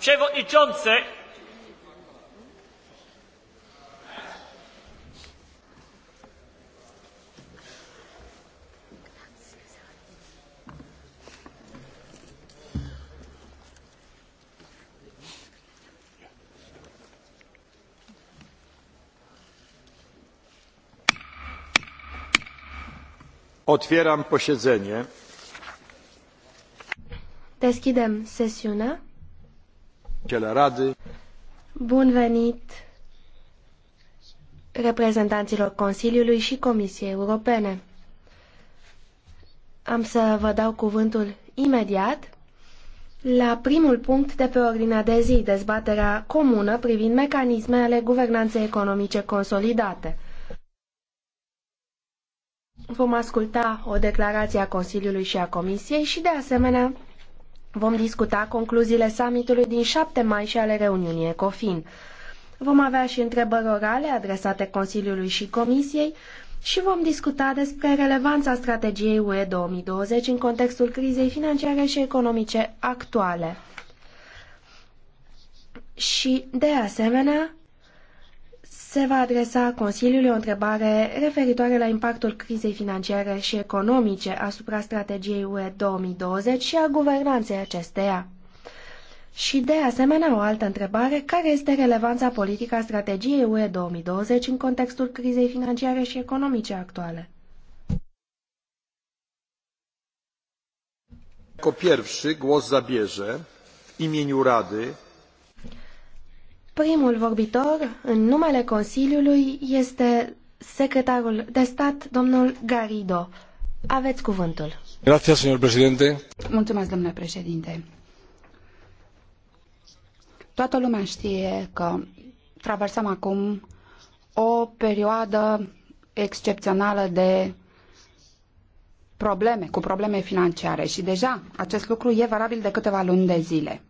przewodniczący Otwieram posiedzenie. Deschidem sesiunea. Bun venit reprezentanților Consiliului și Comisiei Europene. Am să vă dau cuvântul imediat la primul punct de pe ordinea de zi, dezbaterea comună privind mecanisme ale guvernanței economice consolidate. Vom asculta o declarație a Consiliului și a Comisiei și, de asemenea, Vom discuta concluziile summitului din 7 mai și ale reuniunii ECOFIN. Vom avea și întrebări orale adresate Consiliului și Comisiei și vom discuta despre relevanța strategiei UE 2020 în contextul crizei financiare și economice actuale. Și, de asemenea, se va adresa Consiliului o întrebare referitoare la impactul crizei financiare și economice asupra strategiei UE 2020 și a guvernanței acesteia. Și de asemenea o altă întrebare, care este relevanța politică a strategiei UE 2020 în contextul crizei financiare și economice actuale? Jako pierwszy głos zabierze w imieniu Rady Primul vorbitor, în numele Consiliului, este secretarul de stat, domnul Garrido. Aveți cuvântul. Mulțumesc, domnule președinte. Toată lumea știe că traversăm acum o perioadă excepțională de probleme, cu probleme financiare și deja acest lucru e valabil de câteva luni de zile.